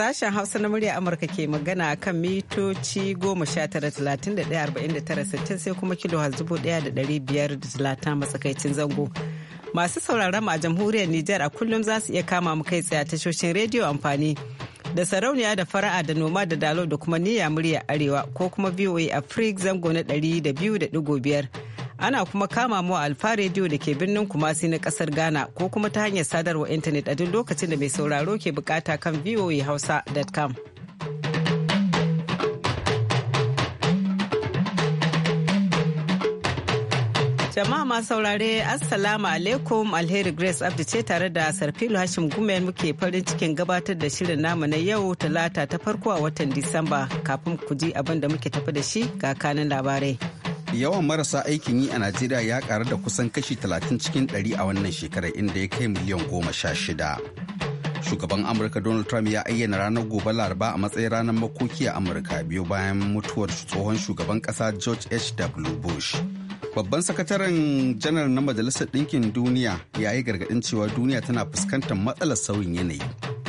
Sashen Hausa na murya Amurka ke magana kan mitoci 19,31,49,60 sai kuma kilo talata matsakaicin zango. Masu sauraron a jamhuriyar Nijar a kullum za su iya kama mu kai tsaye tashoshin rediyo amfani da sarauniya da fara'a da noma da dalo da kuma niyya murya arewa ko kuma VOA Africa zango na 200.5 ana kuma kama mu a alfa rediyo da ke birnin kumasi na kasar ghana ko kuma ta hanyar sadarwa intanet a duk lokacin da mai sauraro ke bukata kan voahausa.com jama'a ma saurare assalamu alaikum alheri grace abdi ce tare da sarfilu hashim gumel muke farin cikin gabatar da shirin namu na yau talata ta farko a watan disamba kafin ku ji abin da muke tafi da shi ga kanin labarai yawan marasa aikin yi a najeriya ya karu da kusan kashi 30 cikin 100 a wannan shekarar inda ya kai miliyan goma sha shida shugaban amurka donald trump ya ayyana ranar gobe laraba a matsayin ranar makoki a amurka biyu bayan mutuwar tsohon shugaban kasa george h.w bush babban sakataren janar na majalisar ɗinkin duniya ya yi gargaɗin cewa duniya tana fuskantar matsalar sauyin yanayi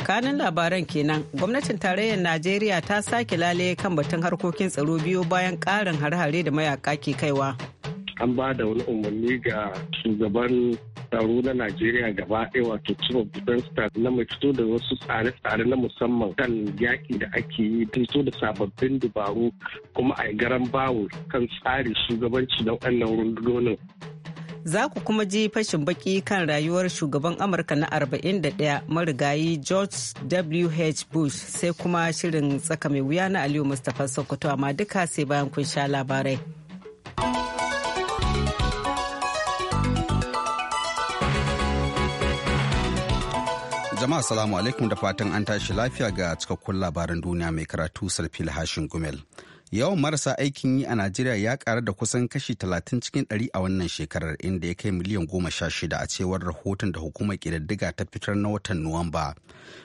kanin labaran kenan gwamnatin tarayyar najeriya ta sake lale kan batun harkokin tsaro biyu bayan karin hare-hare da mayaka ke kaiwa an ba da wani umarni ga shugaban tsaro na najeriya gaba ɗaya wato chief of defense staff na mai fito da wasu tsare-tsare na musamman kan yaƙi da ake yi fito da sababbin dabaru kuma a garan bawo kan tsari shugabanci na wannan rundunonin Za ku kuma ji fashin baki kan rayuwar shugaban Amurka na 41 marigayi George w. h. Bush sai kuma shirin tsaka mai wuya na Aliyu Mustapha Sokoto amma duka sai bayan kun sha labarai. Jama'a salamu alaikum da fatan an tashi lafiya ga cikakkun labaran duniya mai karatu Sarfil Hashin Gumel. yawan marasa aikin yi a najeriya ya ƙara da kusan kashi 30 cikin 100 a wannan shekarar inda ya kai miliyan 16 a cewar rahoton da hukumar ƙididdiga ta fitar na watan nuwamba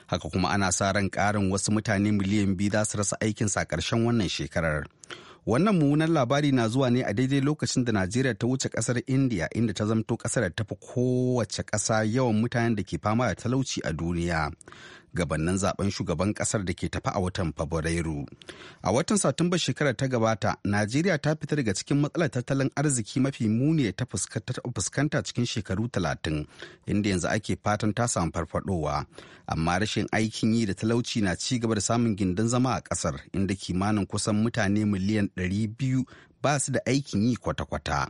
haka kuma ana sa ran ƙarin wasu mutane miliyan biyu za su rasa aikin sa ƙarshen wannan shekarar wannan mummunan labari na zuwa ne a daidai lokacin da najeriya ta wuce kasar india inda ta zamto ƙasar da tafi kowace ƙasa yawan mutanen da ke fama da talauci a duniya gabannin zaben shugaban kasar da ke tafi a watan fabrairu a watan satumbar shekarar ta gabata najeriya ta fita daga cikin matsalar tattalin arziki mafi muni ta fuskanta cikin shekaru talatin inda yanzu ake fatan ta samu farfadowa amma rashin aikin yi da talauci na ci gaba da samun gindin zama a kasar inda kimanin kusan mutane miliyan 200 ba su da aikin yi kwata-kwata.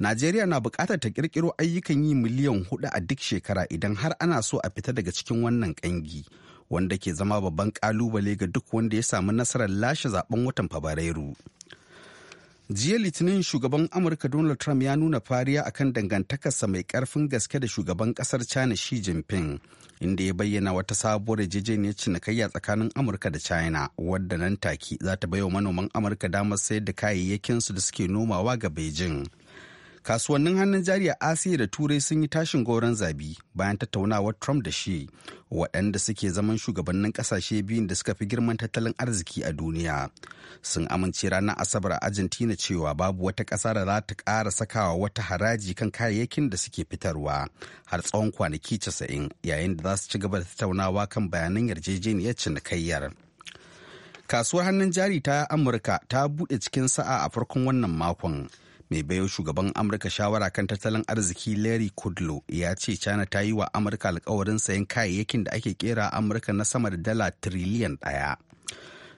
Najeriya na bukatar ta kirkiro ayyukan yi miliyan hudu a duk shekara idan har ana so a fita daga cikin wannan kangi wanda ke zama babban kalubale ga duk wanda ya samu nasarar lashe zaben watan Fabrairu. jiya litinin shugaban amurka donald trump ya nuna fariya akan dangantakarsa mai karfin gaske da shugaban kasar china xi jinping inda ya bayyana wata sabuwar yarjejeniyar cinikayya tsakanin amurka da china wadda nan take za ta baiwa manoman amurka damar sayar da kayayyakinsu da suke nomawa ga beijing kasuwannin hannun jari a asiya da turai sun yi tashin goron zabi bayan tattaunawar trump da shi waɗanda suke zaman shugabannin ƙasashe biyun da suka fi girman tattalin arziki a duniya sun amince ranar asabar a argentina cewa babu wata ƙasa da za ta ƙara sakawa wata haraji kan kayayyakin da suke fitarwa har tsawon kwanaki casa'in yayin da za su ci gaba da tattaunawa kan bayanan yarjejeniyar cinikayyar kasuwar hannun jari ta amurka ta buɗe cikin sa'a a farkon wannan makon mai bayo shugaban amurka shawara kan tattalin arziki larry kudlow ya ce china ta yi wa amurka alkawarin sayan kayayyakin da ake kera amurka na sama da dala tiriliyan daya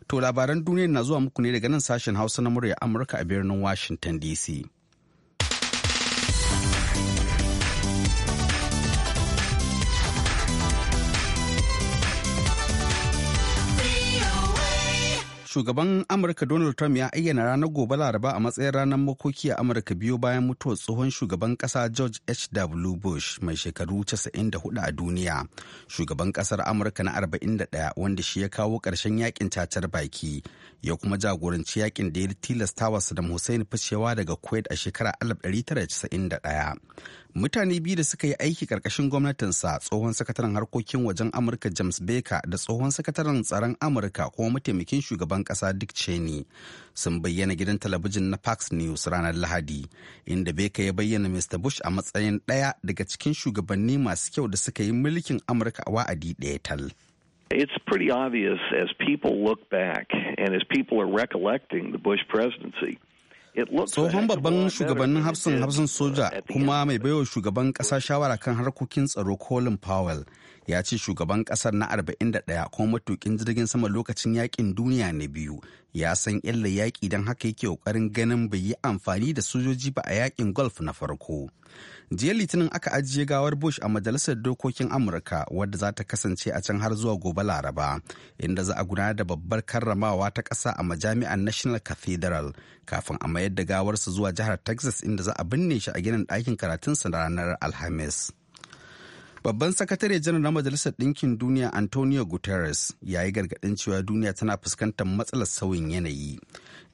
to labaran duniya na zuwa muku ne daga nan sashen hausa na murya amurka a birnin washington dc shugaban amurka donald trump ya ayyana ranar gobe laraba a matsayin ranar makoki a amurka biyu bayan mutuwar tsohon shugaban kasa george h.w bush mai shekaru 94 a duniya shugaban kasar amurka na 41 wanda shi ya kawo ƙarshen yakin cacar baki ya kuma jagoranci yakin da ya tilasta wa saddam hussein ficewa daga kuwait a shekarar 1991 mutane biyu da suka yi aiki karkashin gwamnatinsa tsohon sakataren harkokin wajen amurka james baker da tsohon sakataren tsaron amurka kuma mataimakin shugaban kasa duk cheney sun bayyana gidan talabijin na fox news ranar lahadi inda baker ya bayyana mr bush a matsayin ɗaya daga cikin shugabanni masu kyau da suka yi mulkin amurka a wa'adi daya tal It's pretty obvious as people look back and as people are recollecting the Bush presidency tsohon babban shugabannin hafsin-hafsin soja kuma mai baiwa shugaban kasa shawara kan harkokin tsaro colin powell ya ce shugaban kasar na 41 kuma matukin jirgin sama lokacin yakin duniya na biyu ya san illa yaki don haka yake kokarin ganin bai yi amfani da sojoji ba a yakin golf na farko jiya litinin aka ajiye gawar bush a majalisar dokokin amurka wadda za ta kasance a can har zuwa gobe laraba inda za a gudanar da babbar karramawa ta ƙasa a majami'ar national cathedral kafin a mayar da gawarsa zuwa jihar texas inda za a binne shi a ginin ɗakin karatunsa ranar alhamis Babban sakatare janar na Majalisar Ɗinkin Duniya Antonio Guterres ya yi gargaɗin cewa duniya tana fuskantar matsalar sauyin yanayi.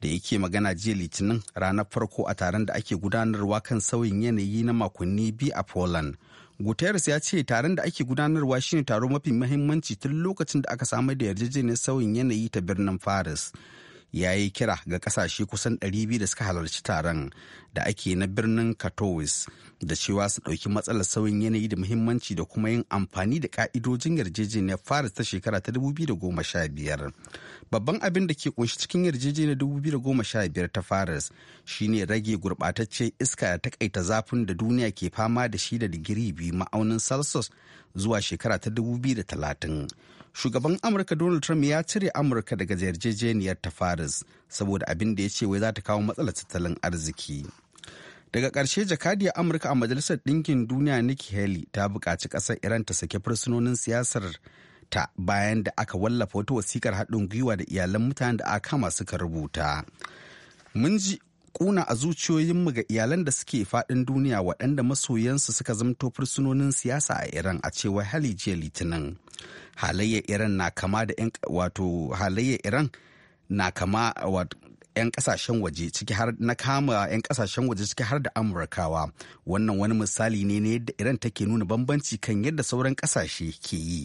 Da yake magana jiya Litinin ranar farko a taron da ake gudanarwa kan sauyin yanayi na makonni biyu a Poland. Guterres ya ce taron da ake gudanarwa shine taro mafi muhimmanci tun lokacin da aka samar da yarjejeniyar sauyin yanayi ta birnin Paris ya yi kira ga kasashe kusan 200 da suka halarci taron da ake na birnin Katowis da cewa su ɗauki matsalar sauyin yanayi da muhimmanci da kuma yin amfani da ƙa'idojin yarjejeniyar faris ta shekara ta 2015. Babban abin da ke kunshi cikin yarjejeniyar 2015 ta faris shine rage gurɓataccen iska da takaita zafin da duniya ke fama da shi da digiri biyu ma'aunin Celsius zuwa shekara ta 2030. shugaban amurka donald trump ya cire amurka daga yarjejeniyar ta faris saboda abin da ya ce wai za ta kawo matsalar tattalin arziki daga ƙarshe jakadiyar amurka a majalisar ɗinkin duniya nikki haley ta buƙaci ƙasar iran ta sake fursunonin siyasar ta bayan da aka wallafa wata wasikar haɗin gwiwa da iyalan mutanen da aka kama suka rubuta kuna a zuciyoyinmu ga iyalan da suke faɗin duniya waɗanda masoyansu suka zamto fursunonin siyasa a Iran a cewa hali jiya Litinin. Halayyar Iran na kama da 'yan wato halayyar Iran na kama 'yan kasashen waje ciki har na kama 'yan kasashen waje ciki har da amurkawa wannan wani misali ne na yadda iran take nuna bambanci kan yadda sauran kasashe ke yi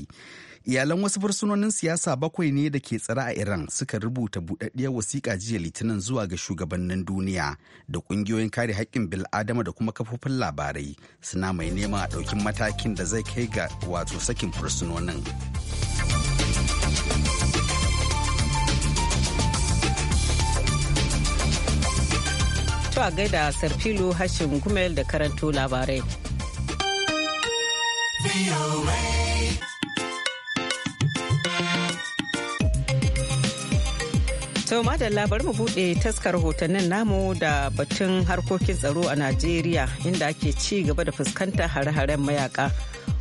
iyalan wasu fursunonin siyasa bakwai ne da ke tsara a iran suka rubuta buɗaɗɗiyar wasiƙa jiya litinin zuwa ga shugabannin duniya da ƙungiyoyin kare haƙƙin bil'adama da kuma kafofin labarai suna mai nema a ɗaukin matakin da zai kai ga wato sakin fursunonin a gaida sarfilo hashin gumel da karanto labarai To madalla bari mu buɗe taskar hotonnin namu da batun harkokin tsaro a Najeriya inda ake ci gaba da fuskanta hare-haren mayaka.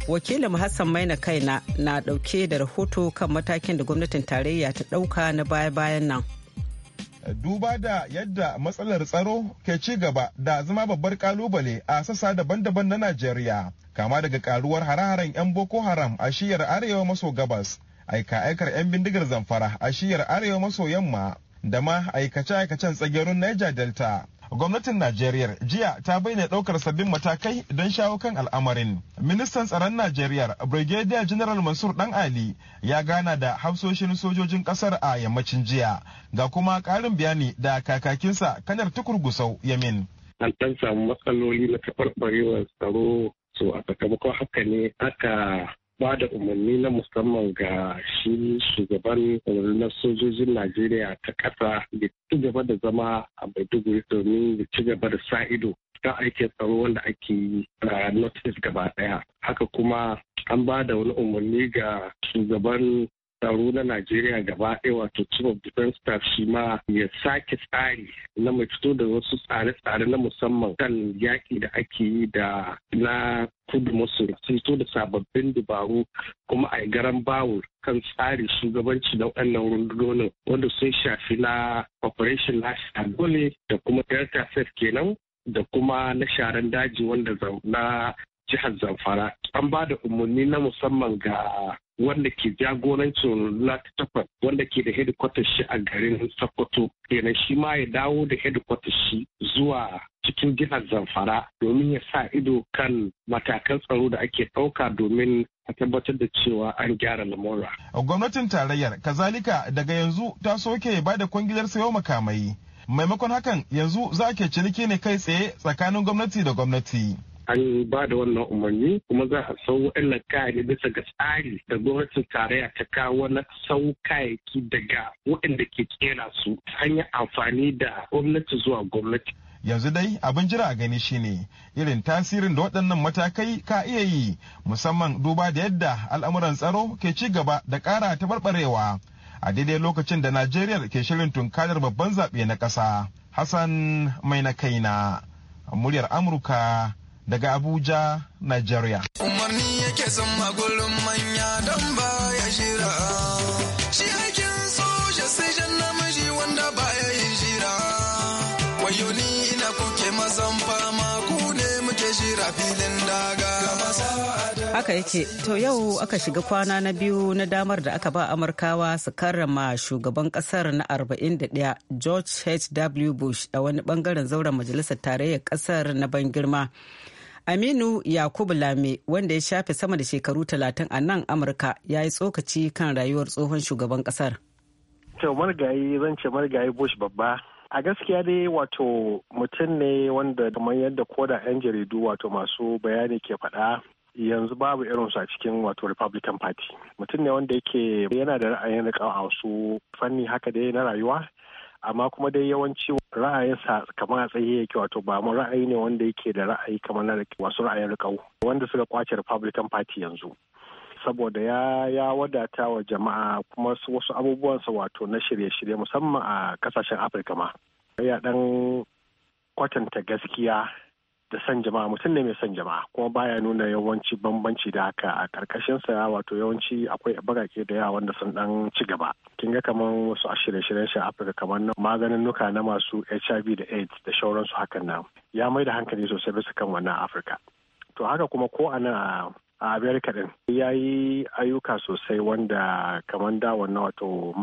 Wakilin Hassan Maina Kaina na ɗauke da rahoto kan matakin da gwamnatin tarayya ta ɗauka na baya-bayan nan. Duba da yadda matsalar tsaro ke ci gaba da zama babbar kalubale a sassa daban-daban na Najeriya, kama daga karuwar hare-haren 'yan Boko Haram a shiyar arewa maso gabas aika-aikar 'yan bindigar zamfara a shiyar arewa maso yamma da ma aikace-aikacen tsagerun Niger Delta. Gwamnatin Najeriya jiya ta bayyana ɗaukar sabbin matakai don shawo kan al'amarin. Ministan tsaron Najeriya Brigadier General Mansur Dan Ali ya gana da hafsoshin sojojin ƙasar a yammacin jiya ga kuma ƙarin bayani da kakakinsa kanar tukurgusau Yamin. An ɗan samu matsaloli na taɓarɓarewar tsaro so a sakamakon haka ne aka ba da umarni na musamman ga shi shugaban rundunar sojojin najeriya ta kasa. da ci gaba da zama a maiduguri domin da ci gaba da sa ido ta aikin tsaro wanda ake yi a notis gaba daya haka kuma an ba da wani umarni ga shugaban tsaro na Najeriya gaba ɗaya wato chief of defense staff shi ma ya sake tsari na mai fito da wasu tsare-tsare na musamman kan yaƙi da ake yi da na kudu maso sun fito da sababbin dubaru kuma a garan bawo kan tsari shugabanci na wannan rundunonin wanda sun shafi na operation Last dole da kuma delta safe kenan da kuma na sharan daji wanda na jihar zamfara an ba da umarni na musamman ga wanda ke jagorancin takwas wanda ke da headquarters shi a garin sokoto kenan shi ma ya dawo da hedikwatar shi zuwa cikin jihar zamfara domin ya sa ido kan matakan tsaro da ake ɗauka domin a tabbatar da cewa an gyara lamura. gwamnatin tarayyar kazalika daga yanzu ta soke ba da kwangilar sayo makamai maimakon hakan yanzu za ke ciniki ne kai tsaye tsakanin gwamnati da gwamnati an ba da wannan umarni kuma za a sau wa'annan kayayyaki bisa ga tsari da gwamnatin tarayya ta kawo na sau kayayyaki daga waɗanda ke kera su hanyar amfani da gwamnati zuwa gwamnati. yanzu dai abin jira a gani shine irin tasirin da waɗannan matakai ka iya yi musamman duba da yadda al'amuran tsaro ke ci gaba da ƙara taɓarɓarewa a daidai lokacin da najeriya ke shirin tunkarar babban zaɓe na ƙasa hassan mai na kaina muryar amurka daga Abuja, najeriya. Umarni yake son magurin manya don ba ya shira. Shi aikin soja sai jan namiji wanda ba ya yi shira. Wayo ina kuke mazan fama ku ne muke shira filin daga. Haka yake, to yau aka shiga kwana na biyu na damar da aka ba Amurkawa su karrama shugaban ƙasar na arba'in da ɗaya George H.W. Bush a wani ɓangaren zauren majalisar tarayyar ƙasar na ban girma. Aminu Yakubu Lame wanda ya shafe sama da shekaru talatin a nan Amurka ya yi tsokaci kan rayuwar tsohon shugaban kasar. To margayi zan ce margayi Bush babba. A gaskiya dai wato mutum ne wanda kamar yadda koda 'yan jaridu wato masu bayani ke faɗa yanzu babu irinsu a cikin wato Republican Party. Mutum ne wanda yake yana da ra'ayin riƙa a wasu fanni haka dai na rayuwa amma kuma dai yawanci ra'ayinsa kamar a tsaye yake wato ba mu ra'ayi ne wanda yake da ra'ayi kamar na wasu ra'ayin rikau wanda suka kwace republican party yanzu saboda ya ya wadata wa jama'a kuma wasu abubuwansa wato na shirye-shirye musamman a kasashen afirka ma ya dan kwatanta gaskiya da san jama'a mutum ne mai san jama'a kuma baya nuna yawanci bambanci da haka a karkashin sa wato yawanci akwai bagake da yawa wanda sun dan ci gaba kin ga kaman wasu a shirye-shiryen shi Afirka kamar na maganin nuka na masu HIV da AIDS da shauransu hakan nan ya mai da hankali sosai bisa kan wannan Afirka to haka kuma ko a nan a america din ya yi ayyuka sosai wanda kamar da wannan wato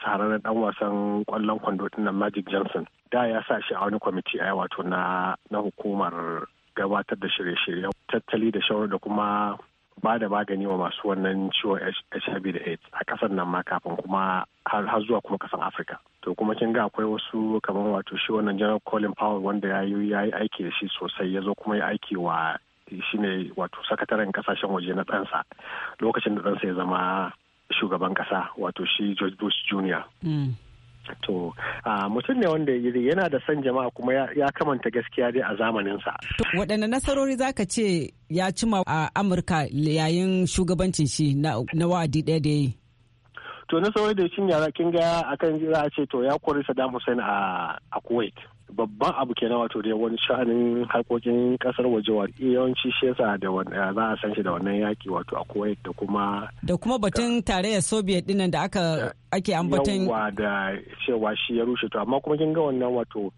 shahararren dan wasan kwallon kwando dinnan magic johnson da ya sa shi a wani kwamiti a wato na hukumar gabatar da shirye-shiryen tattali da shawar da kuma ba da magani wa masu wannan ciwon HIV da AIDS a kasar nan ma kafin kuma har zuwa kuma kasar Afirka. To kuma kin ga akwai wasu kamar wato shi wannan General Colin Powell wanda ya yi aiki da shi sosai ya zo kuma ya aiki wa ne wato sakataren kasashen waje na ɗansa lokacin da ɗansa ya zama shugaban kasa wato shi george bush jr mm. To, mutum ne wanda ya yana da son jama'a kuma ya, kamanta gaskiya dai a zamaninsa. Waɗanne nasarori za ka ce ya cima a Amurka yayin shugabancin shi na, wa'adi ɗaya da yi? To, nasarori da ya yara kin ga akan za a ce to ya kori Saddam Hussein a Kuwait. babban abu kenan wato dai wani sha'anin harkokin kasar waje wa yawanci shi yasa da eh, za a san shi da wannan yaki wato a Kuwait da kuma da kuma batun tarayyar Soviet dinnan da aka ake ambaton yawa da cewa shi ya rushe to amma kuma kin ga wannan wato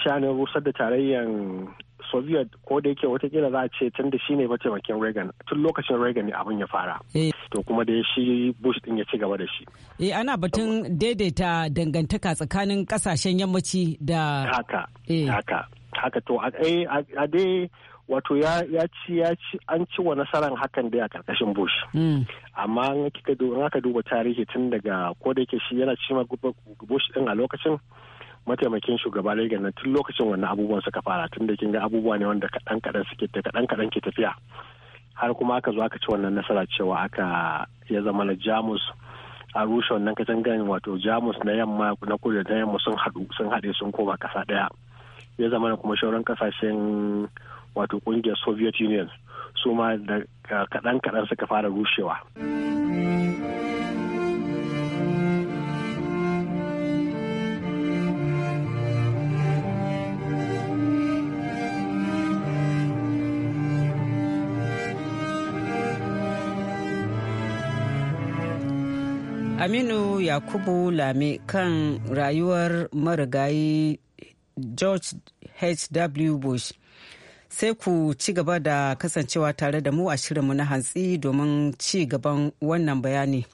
shanin rusar da tarayyan soviet ko da yake watakila za a ce tun da shi ne mataimakin reagan tun lokacin reagan ne abin ya fara eh. to kuma da shi bush din ya ci gaba da shi eh ana batun daidaita dangantaka tsakanin kasashen yammaci da haka eh. haka haka to a eh, dai wato ya ci ya ci an ci wa nasarar hakan dai a karkashin bush hmm. amma in aka duba tarihi tun daga ko da yake shi yana ci bush din a lokacin mataimakin shugaba Lagos na tun lokacin wannan abubuwan suka fara tun da kin ga abubuwa ne wanda kaɗan kaɗan suke kaɗan kaɗan ke tafiya har kuma aka zo aka ci wannan nasara cewa aka ya zama na Jamus a rushe wannan gani wato Jamus na yamma na kudu da yamma sun haɗu sun haɗe sun koma ƙasa ɗaya ya zama na kuma shauran ƙasashen wato ƙungiyar Soviet Union su ma da kaɗan kaɗan suka fara rushewa. aminu yakubu lame kan rayuwar marigayi george h.w bush sai ku ci gaba da kasancewa tare da mu a shirinmu na hantsi domin ci gaban wannan bayani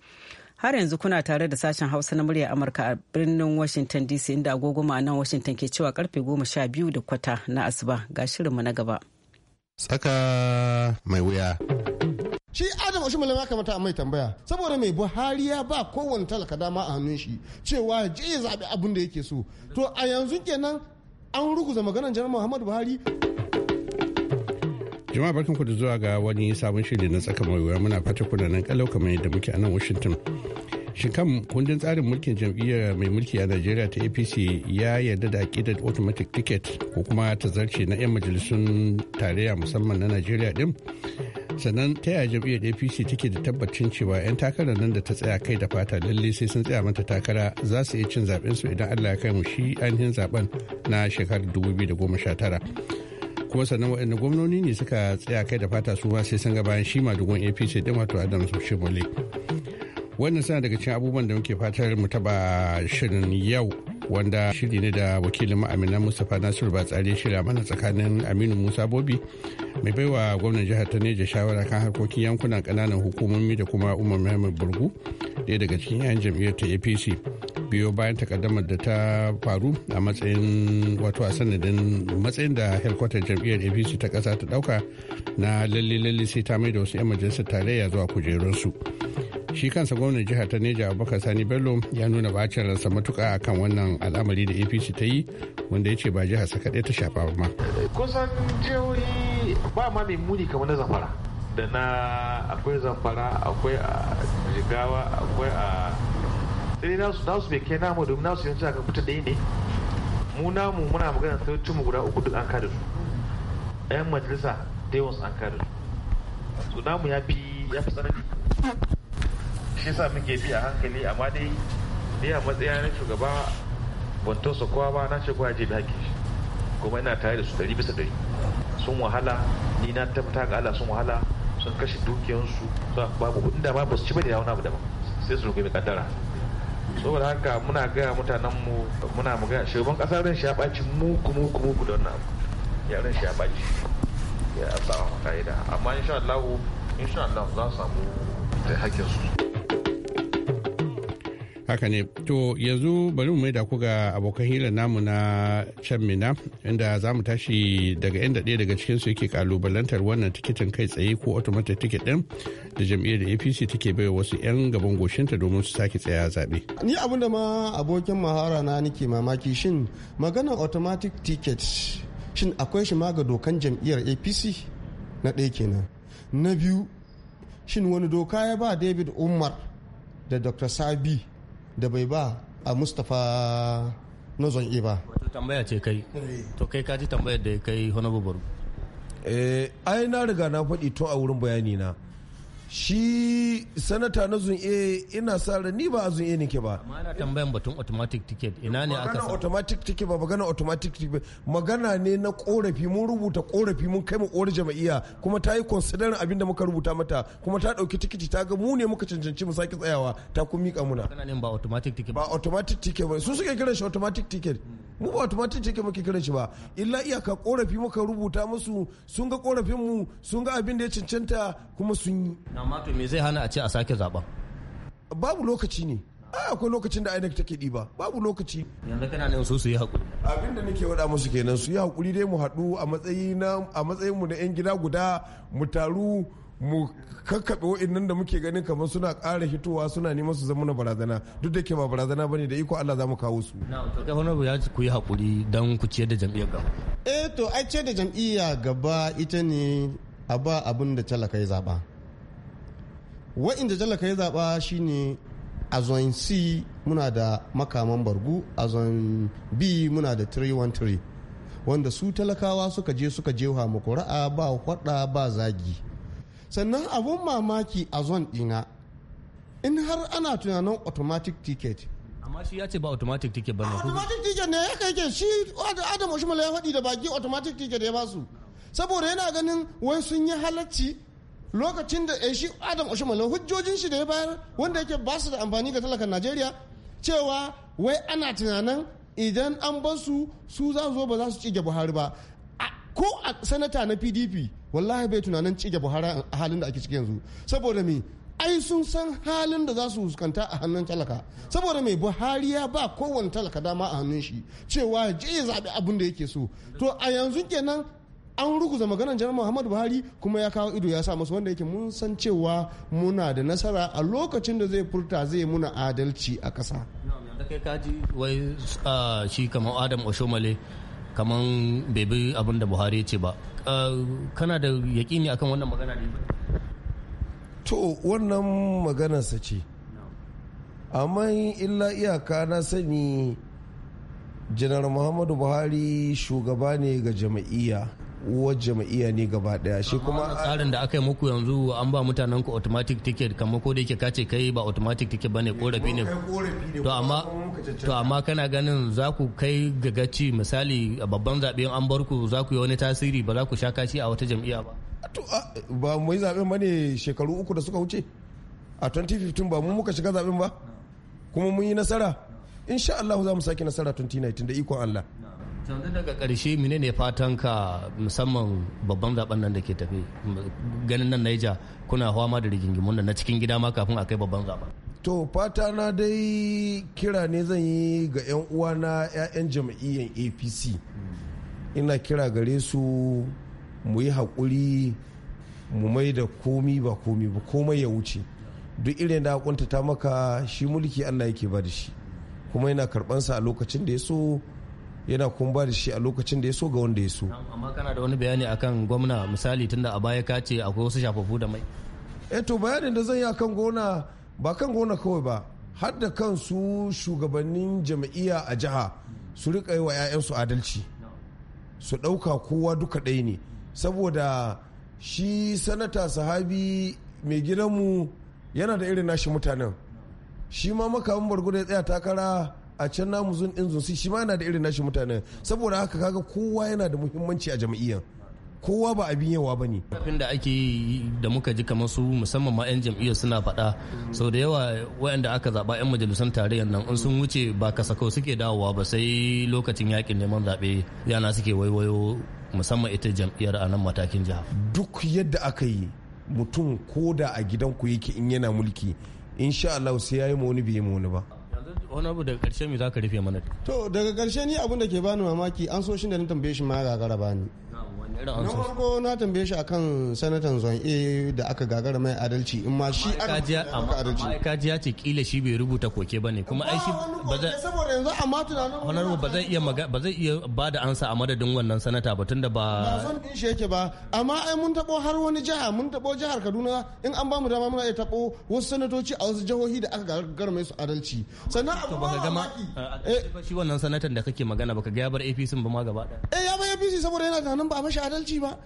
har yanzu kuna tare da sashen hausa na murya amurka a birnin washington dc inda agogo nan washington ke cewa karfe goma sha biyu da kwata na asuba ga shirinmu na gaba tsaka mai wuya ushe malam ya kamata a mai tambaya saboda mai buhari ya ba kowane talaka dama a hannun shi cewa je ya zaɓi abin da yake so to a yanzu kenan an ruguza maganar janar muhammadu buhari jama'a barkan ku da zuwa ga wani sabon shiri na tsaka mai wuya muna fata kuna nan kalau kamar yadda muke a nan washington shin kan kundin tsarin mulkin jam'iyyar mai mulki a najeriya ta apc ya yarda da akidar automatic ticket ko kuma zarce na 'yan majalisun tarayya musamman na najeriya din sannan ta yaya jam'iyyar apc take da tabbacin cewa 'yan takarar nan da ta tsaya kai da fata lalle sai sun tsaya mata takara za su iya cin zaben su idan allah ya kai mu shi ainihin zaben na shekarar 2019 kuma sannan waɗanda gwamnoni ne suka tsaya kai da fata su ma sai sun ga bayan shi madugun apc ɗin wato adams shimole wannan suna daga cikin abubuwan da muke fatar mu taba shirin yau wanda shiri ne da wakilin ma'aminan mustapha nasiru batsari shirya mana tsakanin aminu musa bobi mai baiwa gwamnan jihar ta neja shawara kan harkokin yankunan kananan hukumomi da kuma umar muhammad burgu daya daga cikin yan jam'iyyar ta apc biyo bayan takaddamar da ta faru a matsayin wato a sanadin matsayin da helkwatar jam'iyyar apc ta kasa ta ɗauka na lalle lalle sai ta mai da wasu 'yan majalisar tarayya zuwa kujerunsu. shi kansa gwamnan jihar ta neja abubakar sani bello ya nuna bacin ransa matuka akan wannan al'amari da apc ta yi wanda ya ce ba jihar sa kaɗai ta shafa ba ma kusan jihohi ba ma mai muni kamar na zamfara da na akwai zamfara akwai a jigawa akwai a sai nasu nasu bai kai namu domin nasu yanzu aka fita ɗaya ne mu namu muna magana sai mu guda uku duk an kada su ɗayan majalisa dai wasu an kada su namu ya fi ya fi tsanani shi sa muke bi a hankali amma dai ni a matsaya na shugaba ban tosa kowa ba na ce kowa je bi hakkin kuma ina tare da su ɗari bisa dari sun wahala ni na tabbata ga Allah sun wahala sun kashe dukiyansu babu inda da ba su ci bane yawon abu daban sai su rubuta kaddara saboda haka muna gaya mutanen mu muna mu gaya shugaban kasar ran shi ya ɓaci muku muku muku da wannan abu ya ran shi ya ɓaci ya sa wa amma insha Allah insha Allah za su samu da hakkin su haka ne to yanzu bari mu maida ku ga abokan hira namu na can mina inda za mu tashi daga inda ɗaya daga cikinsu yake kalubalantar wannan tikitin kai tsaye ko automatic ticket ɗin da jam'iyyar da apc take bai wasu 'yan gaban goshinta domin su sake tsaya zaɓe. ni abin da ma abokin mahara na nake mamaki shin maganar automatic ticket shin akwai shi ma ga dokan jam'iyyar apc na ɗaya kenan na biyu shin wani doka ya ba david umar da dr sabi da bai ba a mustapha na e ba wato tambaya ce kai eh. to kai ka ji tambayar da kai honorable eh ai na riga na faɗi to a wurin bayani na shi sanata na zun'e ina sa ran ni ba a zun'e nake ba amma ana tambayan batun automatic ticket ina ne aka sa automatic ticket ba magana automatic ticket magana ne na korafi mun rubuta korafi mun kai mu kore jama'iya kuma ta yi consider abinda muka rubuta mata kuma ta dauki tikiti ta ga mu ne muka cancanci mu saki tsayawa ta kun mika muna magana ne ba automatic ticket ba automatic ticket ba su suke kiran shi automatic ticket hmm. mu ba tumatir ke muke kiran shi ba illa iyaka korafi muka rubuta musu sun ga korafin mu sun ga abin da ya cancanta kuma sun yi na mato me zai hana a ce a sake zaben babu lokaci ne a akwai lokacin da ainihin take ɗiba babu lokaci yanzu kana nan so su yi hakuri abin da nake wada musu kenan su yi hakuri dai mu haɗu a matsayin mu na yan gida guda mu taru mu kakkaɓe nan da muke ganin kamar suna ƙara hitowa suna neman su zama na barazana duk da ke ba barazana bane da iko Allah za mu kawo su. Na wani abu ya ku yi haƙuri don ku ciyar da jam'iyyar gaba. eh to ai ciyar da jam'iyya gaba ita ne a ba abin da talaka ya zaɓa. wa'inda talaka ya zaɓa ne a zon c muna da makaman bargu a zon b muna da 313 wanda su talakawa suka je suka jewa ƙura'a ba kwaɗa ba zagi sannan abun mamaki a zon dina in har ana tunanin automatic ticket amma shi ya ce ba automatic ticket ba ne ah, automatic ticket ne ya kai ke shi adam oshimala ya faɗi da baki automatic ticket ya basu saboda yana ganin wai sun yi halacci lokacin da eh, shi adam oshimala hujjojin shi da ya bayar wanda yake ba su da amfani ga talakan najeriya cewa wai ana tunanin idan an basu su za su zo ba za su cige buhari ba ko a sanata na pdp wallahi bai tunanin cike buhari a halin da ake ciki yanzu saboda me ai sun san halin da za su fuskanta a hannun talaka saboda mai buhari ya ba kowane talaka dama a hannun shi cewa je ya zaɓi abin da yake so to a yanzu kenan an ruguza maganar janar muhammadu buhari kuma ya kawo ido ya sa masu wanda yake mun san cewa muna da nasara a lokacin da zai furta zai muna adalci a ƙasa. da kai kaji wai ah, shi kamar adam oshomale kamar bai bi abin da buhari ce ba kana da yaƙini akan wannan magana ne to wannan maganarsa ce amma illa iyaka na sani janar muhammadu buhari shugaba ne ga jama'iyya uwar jam'iyya ne gaba daya shi kuma tsarin da aka yi muku yanzu an ba mutanen ku automatic ticket kamar ko da yake kace kai ba automatic ticket bane eh, korafi ne to amma to amma kana ganin za ku kai gagaci misali a babban zabe an bar ku za ku yi wani tasiri ba za ku sha kashi a wata jam'iyya ba ba mu yi zaben bane shekaru uku da suka wuce a 2015 ba mu muka shiga zaben ba kuma mun yi nasara insha Allah za mu sake nasara 2019 da ikon Allah yanzu daga ƙarshe mine ne fatan ka musamman babban zaben nan da ke tafi ganin nan naija kuna hawa ma da rigingimun nan na cikin gida ma kafin a kai babban zaben to fata na dai kira ne zan yi ga 'yan na 'ya'yan jam'iyyar apc ina kira gare su mu yi haƙuri mu mai da komi ba komi ba komai ya wuce duk irin da kuntata maka shi mulki allah yake ba da shi kuma yana karɓansa a lokacin da ya so yana kuma ba da shi a lokacin da ya so ga wanda ya so amma kana da wani bayani akan gwamna misali tunda a baya ka ce akwai wasu shafafu da mai eh to bayanin da zan yi akan gona ba kan gona kawai ba har da kansu shugabannin jam'iyya a jiha su rika yi wa 'ya'yansu adalci su ɗauka kowa duka ɗaya ne saboda shi sanata sahabi mai gidanmu yana da irin nashi mutanen shi ma makamin bargudu ya tsaya takara a can namu zun din zun shi ma na da irin nashi mutanen saboda haka kaga kowa yana da muhimmanci a jam'iyyar kowa ba abin yawa ba ne. Kafin da ake da muka ji kamar su musamman ma 'yan jam'iyyar suna faɗa sau da yawa wayanda aka zaba 'yan majalisun tarayyar nan in sun wuce ba kasakau suke dawowa ba sai lokacin yakin neman zaɓe yana suke waiwayo musamman ita jam'iyyar a nan matakin jiha. Duk yadda aka yi mutum ko da a gidanku yake in yana mulki insha Allah sai ya yi wani bai yi wani ba. wani abu daga karshe me ka rufe mana to daga karshe ni abin da ke bani mamaki an so shi da na tambaye shi ma gagara bani irin na farko na tambaye shi akan sanatan zon a da aka gagara mai adalci in ma shi aka adalci kaji ce kila shi bai rubuta koke bane kuma ai shi ah, ba zai saboda yanzu amma tunanin ba zai iya ba zai iya da ansa a madadin wannan sanata ba tunda ba ba zon din shi yake ba amma ai mun tabo har wani jiha mun tabo jihar Kaduna in an ba mu dama muna iya tabo wasu sanatoci a wasu jihohi da aka gagara mai su adalci sannan abu ba ga ma shi wannan sanatan da kake magana baka ga ya bar APC ba ma gaba ɗaya eh ya apc saboda yana ganin ba a mashi adalci ba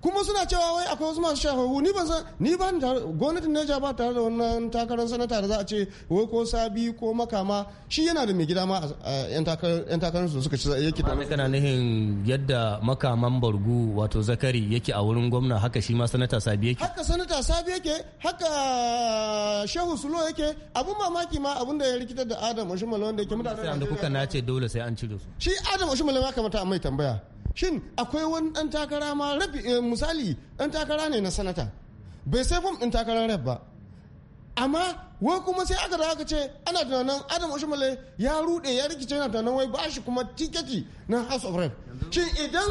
kuma suna cewa wai akwai wasu masu shafa ni ban san ni ban gwamnatin Niger ba tare da wannan takarar sanata da za a ce wai ko sabi ko makama shi yana da mai gida ma yan takarar su suka ci yake da kana nihin yadda makaman bargu wato zakari yake a wurin gwamna haka shi ma sanata sabi yake haka sanata sabi yake haka shehu sulo yake abun mamaki ma abun da ya rikitar da adam oshimale wanda yake mutane da kuka nace dole sai an cire su shi adam oshimale ya kamata a mai tambaya shin akwai wani dan takara ma rabi eh, misali ɗan takara ne na sanata bai sai fom ɗin takarar rep ba amma wai kuma sai aka da ce ana tunanin adam oshimale ya rude ya rikice yana tunanin wai ba shi kuma tiketi na house of rep shin idan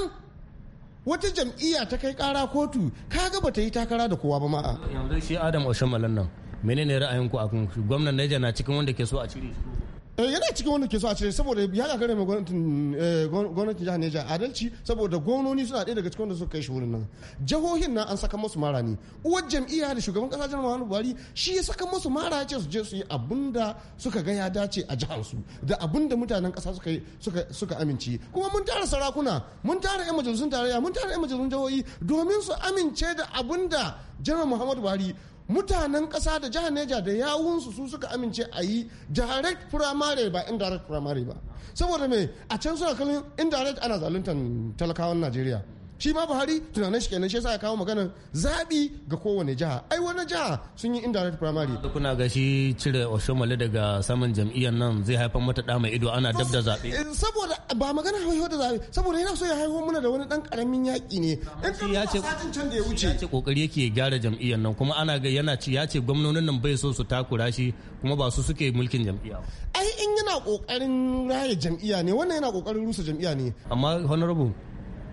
wata jam'iyya ta kai kara kotu ka gaba ta yi takara da kowa ba ma'a yanzu shi adam oshimale nan menene ra'ayinku a gwamnan naija na cikin wanda ke so a cire shi Eh, yana cikin wanda ke so a cire saboda ya kare mai eh, gwamnatin jihar Neja adalci saboda gwamnoni suna ɗaya daga cikin wanda suka kai shi wurin nan jihohin nan an saka musu mara ne uwar jam'iyya da shugaban kasa Jan Muhammadu Buhari shi ya saka musu mara ya ce su je su yi abin da suka ga ya dace a jihar su da abin da mutanen kasa suka suka amince kuma mun tara sarakuna mun tara yan majalisun tarayya mun tara yan majalisun jihohi domin su amince da abin da Muhammadu Buhari mutanen kasa da jihar neja da yawunsu su suka amince a yi direct primary ba indirect primary ba saboda me a can suna kallon indirect ana zaluntar talakawan najeriya shi ma buhari tunanin shi kenan shi yasa ya kawo maganar zaɓi ga kowane jiha ai wani jiha sun yi indirect primary da kuna ga shi cire oshomale daga saman jam'iyyar nan zai haifar mata da mai ido ana dab da zaɓe eh, saboda ba magana haihuwa da zaɓe saboda yana so ya haihu muna da wani dan karamin yaƙi ne in ya ce can da ya wuce ya ce kokari yake gyara jam'iyyar nan kuma ana ga yana ci ya ce gwamnonin nan bai so su takura shi kuma ba su suke mulkin jam'iyya ai in yana kokarin raya jam'iyya ne wannan yana kokarin rusa jam'iyya ne amma honorable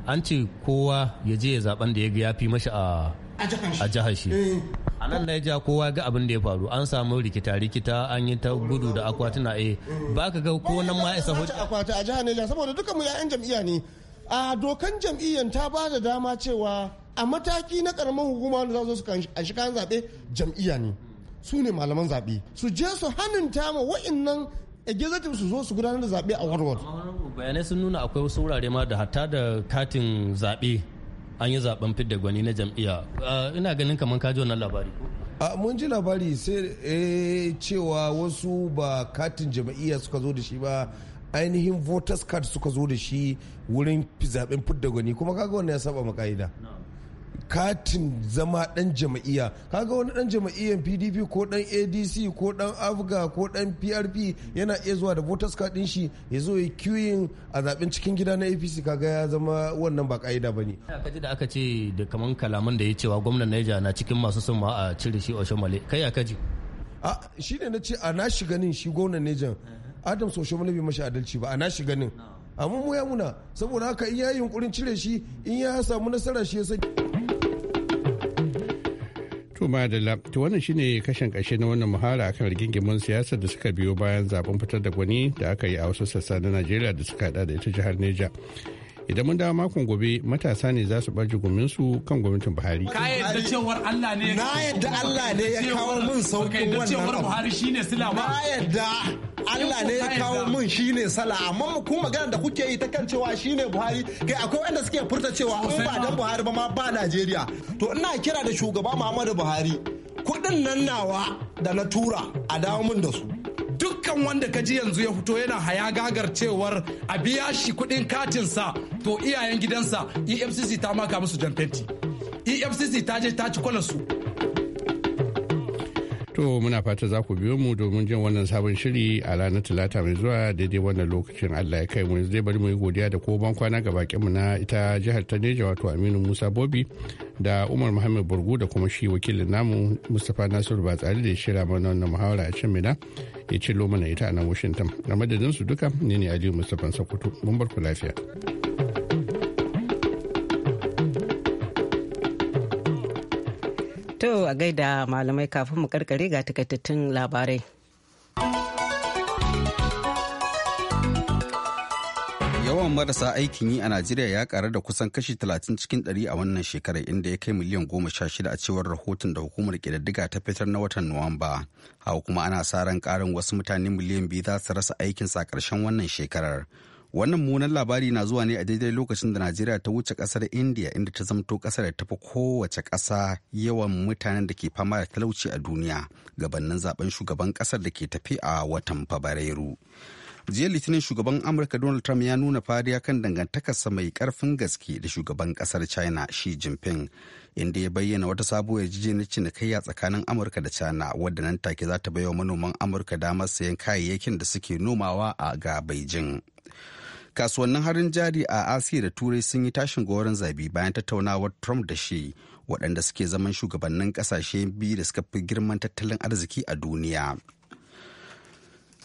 an ce kowa ya je ya zaben da ya ga ya fi mashi a jihar shi eh. a nan na ja kowa ga abin da ya faru an samu rikita rikita an yi ta gudu da akwatuna eh mm. ba ka ga ko nan ma eh, isa hujja akwati a jihar Niger saboda dukkan mu ya'yan jam'iyya ne a dokan jam'iyyan ta ba da dama cewa a mataki na karamin hukuma da za su a kayan zabe jam'iyya ne su ne malaman zabe su je su hannun ma nan. executive su zo su gudanar da zaɓe a warwar bayanai sun nuna akwai wasu wurare ma da hatta da katin zaɓe an yi zaɓen fidda gwani na jam'iyya ah, ina ganin kamar kaji wannan labari mun ji labari sai eh, cewa wasu ba katin jam'iyya suka zo da shi ba ainihin voters card suka zo da shi wurin zaɓen fidda gwani kuma kaga wannan ya saba maka'ida. katin zama dan jama'iya kaga wani dan jama'iyyar pdp ko dan adc ko dan afga ko dan prp yana iya zuwa da voters card din shi ya zo ya queuing a zaben cikin gida na apc kaga ya zama wannan ba ka'ida bane ka ji da aka ce da kaman kalaman da ya cewa gwamnan naija na cikin masu son ma a cire shi male kai ya kaji a shine na ce a na shiga nin shi gwamnan naija osho male bai mashi adalci ba a na shiga nin amma mu ya muna saboda haka in ya yunkurin cire shi in ya samu nasara shi ya sai To madalla, to wannan shine kashin kashe na wannan muhara akan rigingimin siyasa da suka biyo bayan zaben fitar da gwani da aka yi a wasu sassa na Najeriya da suka hada da ita jihar Neja. Idan mun dawo makon gobe matasa ne za su barji su kan gwamnatin Buhari. Ka yadda cewar Allah ne ya kawo mun sauƙin wannan abu. Na yadda Allah ne ya kawo mun ne sala amma ku magana da kuke yi ta kan cewa shi ne Buhari kai akwai wanda suke furta cewa in ba dan Buhari ba ma ba Najeriya to ina kira da shugaba Muhammadu Buhari kudin nan nawa da na tura a dawo mun da su dukkan wanda ka ji yanzu ya fito yana haya gagar cewar a biya shi kuɗin katinsa to iyayen gidansa efcc ta maka musu jan fenti efcc ta je ta ci kwalarsu To muna fata za ku biyo mu domin jin wannan sabon shiri a ranar talata mai zuwa daidai wannan lokacin Allah ya kai mu zai bari mu yi godiya da ko ban kwana ga bakin mu na ita jihar ta Neja wato Aminu Musa Bobi da Umar Muhammad Burgu da kuma shi wakilin namu Mustapha Nasiru Batsari da shirya mana wannan muhawara a can Mina ya ce lomana ita a nan Washington. Na madadin su duka ne ne Aliyu Mustapha Sokoto mun bar ku lafiya. To a gaida malamai kafin mu karkare ga takaitattun labarai. Yawan marasa aikin yi a Najeriya ya karu da kusan kashi 30 cikin 100 a wannan shekarar inda ya kai miliyan 16 a cewar rahoton da hukumar kididdiga ta fitar na watan Nuwamba. Hawa kuma ana sa ran karin wasu mutane miliyan biyu za su rasa aikinsa a ƙarshen wannan shekarar. Wannan munan labari na zuwa ne a daidai lokacin da Najeriya ta wuce kasar India inda ta zamto kasar da tafi kowace ƙasa yawan mutanen da ke fama da talauci a duniya gabanin zaben shugaban kasar da ke tafi a watan Fabrairu. jiya litinin shugaban amurka donald trump ya nuna fariya kan dangantakarsa mai karfin gaske da shugaban kasar china shi jinping inda ya bayyana wata sabuwar yarjejeniyar cinikayya tsakanin amurka da china wadda nan take za ta baiwa manoman amurka damar sayan kayayyakin da suke nomawa a ga beijing kasuwannin harin jari a asiya da turai sun yi tashin goron zabi bayan tattaunawar trump da shi waɗanda suke zaman shugabannin ƙasashe biyu da suka fi girman tattalin arziki a duniya.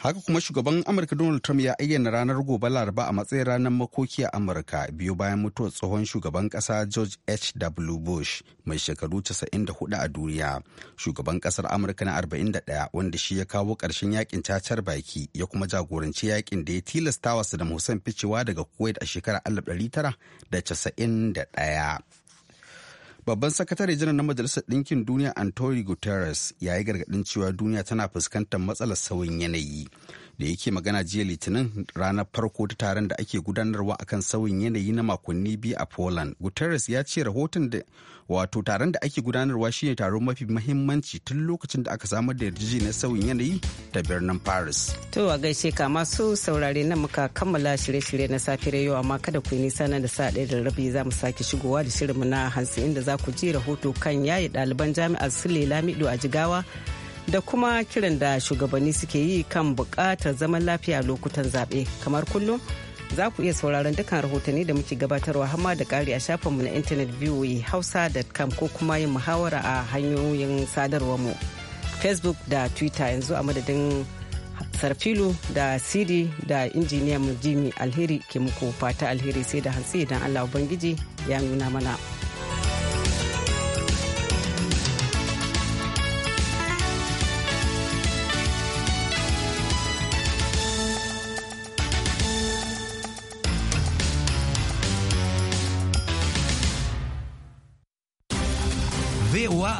haka kuma shugaban amurka donald trump ya ayyana ranar gobe laraba a matsayin ranar makoki a amurka biyu bayan mutuwar tsohon shugaban kasa george h w bush mai shekaru 94 a duniya shugaban kasar amurka na 41 wanda shi ya kawo ƙarshen yakin cacar baki ya kuma jagoranci yakin da ya tilasta wa saddam hussein ficewa daga kuwait a shekarar 1991 Babban sakatare janar na Majalisar Ɗinkin Duniya Antony Guterres ya yi gargaɗin cewa duniya tana fuskantar matsalar sauyin yanayi. Da yake magana jiya Litinin ranar farko ta taron da ake gudanarwa akan sauyin yanayi na makonni biyu a Poland. Guterres ya ce rahoton da wato taron da ake gudanarwa shine taron mafi mahimmanci tun lokacin da aka samar da na sauyin yanayi ta birnin paris to a gaishe ka masu saurare na muka kammala shirye-shirye na safiyar yau amma kada ku yi nisa nan da sa ɗaya da rabi za mu sake shigowa da shirinmu na hansi inda za ku ji rahoto kan yaye ɗaliban jami'ar sule lamido a jigawa da kuma kiran da shugabanni suke yi kan buƙatar zaman lafiya lokutan zaɓe kamar kullum za ku iya sauraron dukkan rahotanni da muke gabatarwa hamma da kari a shafinmu na intanet voa e hausa.com ko kuma yin muhawara a hanyoyin sadarwar mu facebook da twitter yanzu a madadin sarfilu da cd da injiniyan jimmy alheri ke muku fata alheri sai da hantsi idan allah ubangiji ya nuna mana.